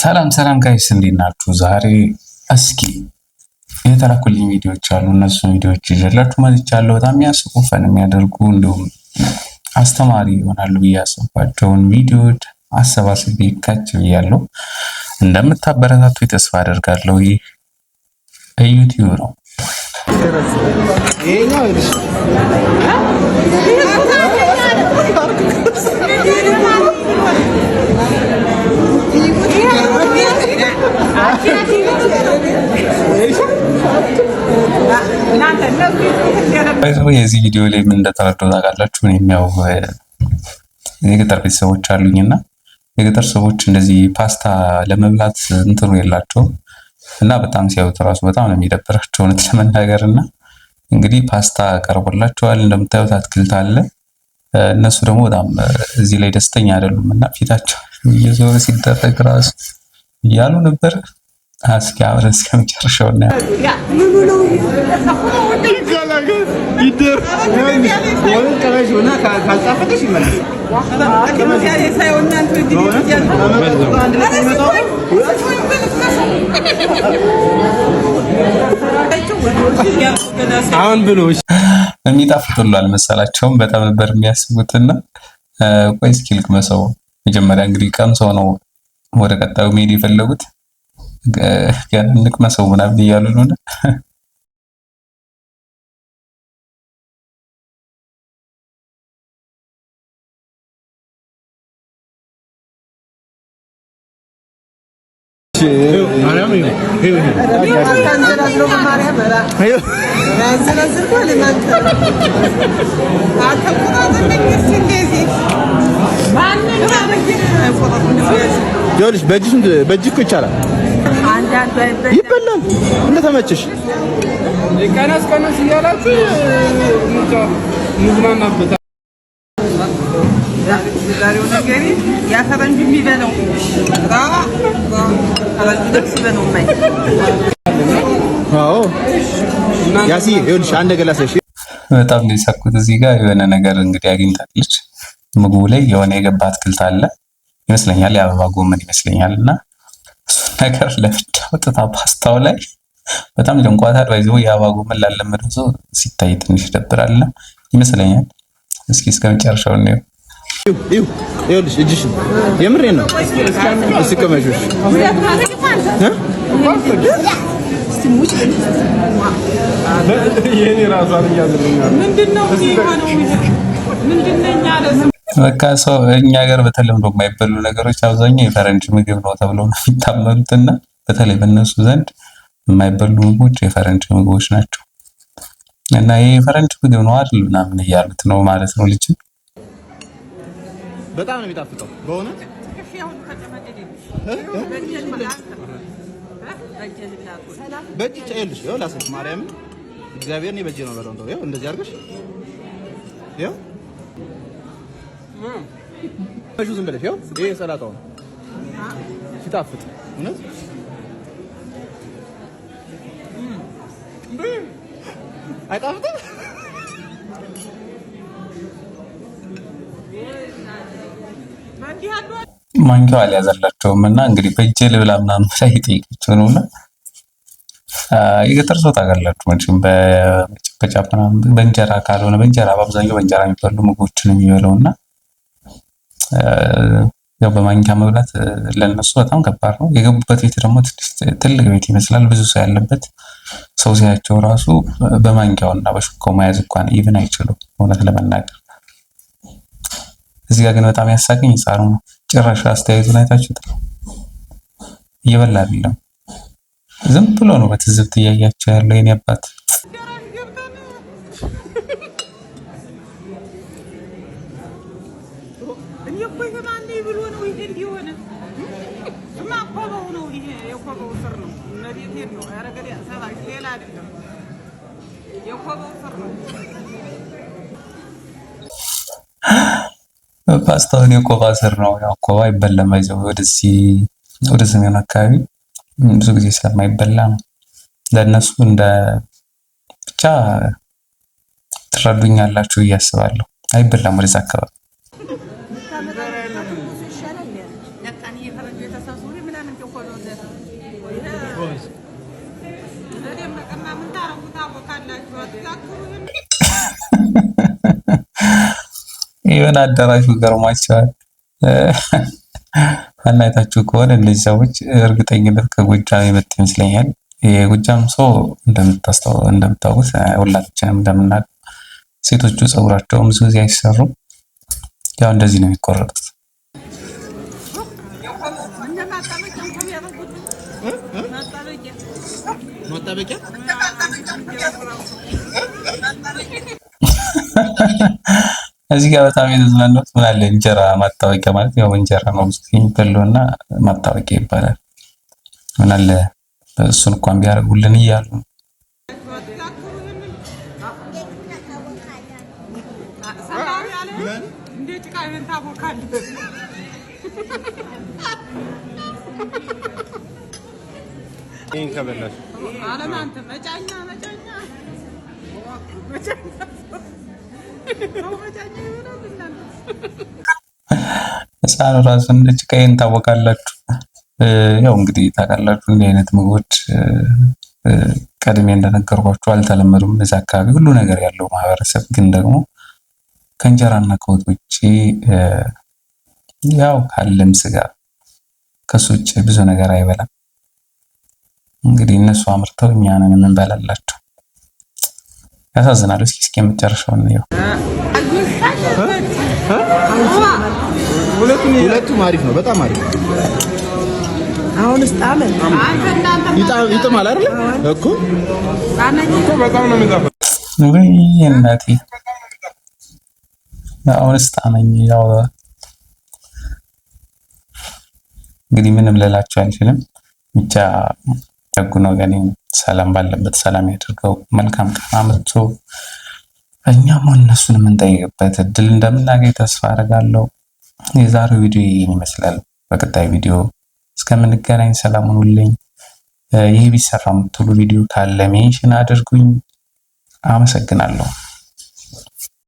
ሰላም ሰላም ጋይስ እንዴት ናችሁ? ዛሬ እስኪ የተላኩልኝ ቪዲዮዎች አሉ እነሱ ቪዲዮዎች ይዤላችሁ መጥቻለሁ። በጣም የሚያስቁ ፈን የሚያደርጉ እንዲሁም አስተማሪ ይሆናሉ ብዬ ያሰብኳቸውን ቪዲዮዎች አሰባስቤ ከች ብያለሁ። እንደምታበረታቱ ተስፋ አደርጋለሁ። ይህ በዩቲዩብ ነው። የዚህ ቪዲዮ ላይ ምን እንደተረዳሁ ታውቃላችሁ? እኔም ያው የገጠር ቤተሰቦች አሉኝ እና የገጠር ሰዎች እንደዚህ ፓስታ ለመብላት እንትኑ የላቸውም እና በጣም ሲያዩት እራሱ በጣም ነው የሚደብራቸው እውነት ለመናገር እና እንግዲህ ፓስታ ቀርቦላቸዋል። እንደምታዩት አትክልት አለ። እነሱ ደግሞ በጣም እዚህ ላይ ደስተኛ አይደሉም እና ፊታቸው እየዞረ ሲደረግ ራሱ እያሉ ነበር። እስኪ አብረን እስከመጨረሻው የሚጣፍጥ ሁሉ አልመሰላቸውም። በጣም ነበር የሚያስቡትና ቆይ እስኪ ልቅ መሰው መጀመሪያ እንግዲህ ቀምሰው ነው ወደ ቀጣዩ መሄድ የፈለጉት። ልቅመሰው ምናምን እያሉ ነው። ይኸውልሽ በእጅ እኮ ይቻላል። ይበላል። እንደ እንደተመቸሽ ቀነስ ቀነስ እያላችሁ እንዝናናበታለን። በጣም ነው የሳቅሁት። እዚህ ጋር የሆነ ነገር እንግዲህ አግኝታለች ምግቡ ላይ የሆነ የገባ አትክልት አለ ይመስለኛል፣ የአበባ ጎመን ይመስለኛል እና ነገር ለብቻ አውጥታ ፓስታው ላይ በጣም ደንቋታል። ባይዞ የአበባ ጎመን ላለመደው ሰው ሲታይ ትንሽ ይደብራል ይመስለኛል። እስኪ እስከ መጨረሻው ነው። ይኸውልሽ እጅሽ የምሬ ነው። እስኪ ቀመሽሽ ምንድነው? በቃ ሰው እኛ ሀገር በተለምዶ የማይበሉ ነገሮች አብዛኛው የፈረንጅ ምግብ ነው ተብሎ ነው የሚታመኑት እና በተለይ በእነሱ ዘንድ የማይበሉ ምግቦች የፈረንጅ ምግቦች ናቸው እና ይህ የፈረንጅ ምግብ ነው አይደል ምናምን እያሉት ነው ማለት ነው። ልጅ በጣም ነው የሚጣፍጠው በእውነት በእጅ ይኸውልሽ፣ ይኸው ላሳይሽ ማርያምን እግዚአብሔርን በእጄ ነው በለው እንደዚህ አድርገሽ ዝም ብለሽ ይኸው ይሄ ነው። ሲጣፍጥ እውነት አይጣፍጥም? ማንኪያው አልያዘላቸውም እና እንግዲህ በእጄ ልብላ ምናምን ላይ የጠየቀችው ነው እና የገጠር ሰው ታውቃላችሁ መቼም በጨበጫ ምናምን በእንጀራ ካልሆነ በእንጀራ በአብዛኛው በእንጀራ የሚበሉ ምግቦችን የሚበለው እና ያው በማንኪያ መብላት ለነሱ በጣም ከባድ ነው። የገቡበት ቤት ደግሞ ትልቅ ቤት ይመስላል፣ ብዙ ሰው ያለበት። ሰው ሲያቸው ራሱ በማንኪያውና በሹካው መያዝ እንኳን ኢቭን አይችሉም፣ እውነት ለመናገር እዚህ ጋር ግን በጣም ያሳቀኝ ጻሩ ነው። ጭራሽ አስተያየቱ ናይታችሁ እየበላ አይደለም፣ ዝም ብሎ ነው በትዝብት እያያቸው ያለው የኔ አባት እኮ ይሄማ ብሎ ነው። ይሄ ነው ይሄ የኮበው ስር ነው። ነው ሌላ አይደለም። የኮበው ስር ነው። ፓስታውን የኮባ ስር ነው። ያው ኮባ ይበላል። ማይዘው ወደዚህ ወደ ሰሜን አካባቢ ብዙ ጊዜ ስለማይበላ ነው ለእነሱ እንደ ብቻ ትረዱኛላችሁ እያስባለሁ። አይበላም ወደዛ አካባቢ ይሆን አዳራሹ ገርሟቸዋል። አናይታችሁ ከሆነ እነዚህ ሰዎች እርግጠኝነት ከጎጃም የመጣ ይመስለኛል። የጎጃም ሰው እንደምታውቁት ሁላችንም እንደምናውቀው ሴቶቹ ፀጉራቸውም ብዙ ጊዜ አይሰሩም። ያው እንደዚህ ነው የሚቆረጡት። እዚህ ጋር በጣም የተዝናናሁት ምን አለ እንጀራ ማታወቂያ ማለት ያው እንጀራ ነው ብዙ ጊዜ ማታወቂያ እና ይባላል። ምን አለ እሱን እንኳን ቢያደርጉልን እያሉ ነው። ይህን ከበላሽ አለማንተ መጫኛ መጫኛ ህፃኑ ራሱ እንደች ቀይን ታወቃላችሁ። ያው እንግዲህ ታውቃላችሁ እንዲህ አይነት ምግቦች ቀድሜ እንደነገርኳችሁ አልተለመዱም እዛ አካባቢ ሁሉ ነገር ያለው ማህበረሰብ ግን ደግሞ ከእንጀራና ከወጥ ውጭ ያው ካለም ስጋ ከሱ ውጭ ብዙ ነገር አይበላም። እንግዲህ እነሱ አምርተው እኛ ነን የምንበላላቸው። ያሳዝናል። እስኪ እስኪ የምጨርሰውን ነው። ሁለቱም አሪፍ ነው፣ በጣም አሪፍ አሁን ይጥማል አይደል እኮ በጣም ነው እናቴ አሁን ስጣመኝ። ያው እንግዲህ ምንም ልላቸው አልችልም ብቻ ደጉን ወገኔን ሰላም ባለበት ሰላም ያደርገው። መልካም ቀን አምጥቶ እኛም እነሱን የምንጠይቅበት እድል እንደምናገኝ ተስፋ አደርጋለሁ። የዛሬው ቪዲዮ ይህን ይመስላል። በቀጣይ ቪዲዮ እስከምንገናኝ ሰላም ሁኑልኝ። ይህ ቢሰራ የምትሉ ቪዲዮ ካለ ሜንሽን አድርጉኝ። አመሰግናለሁ።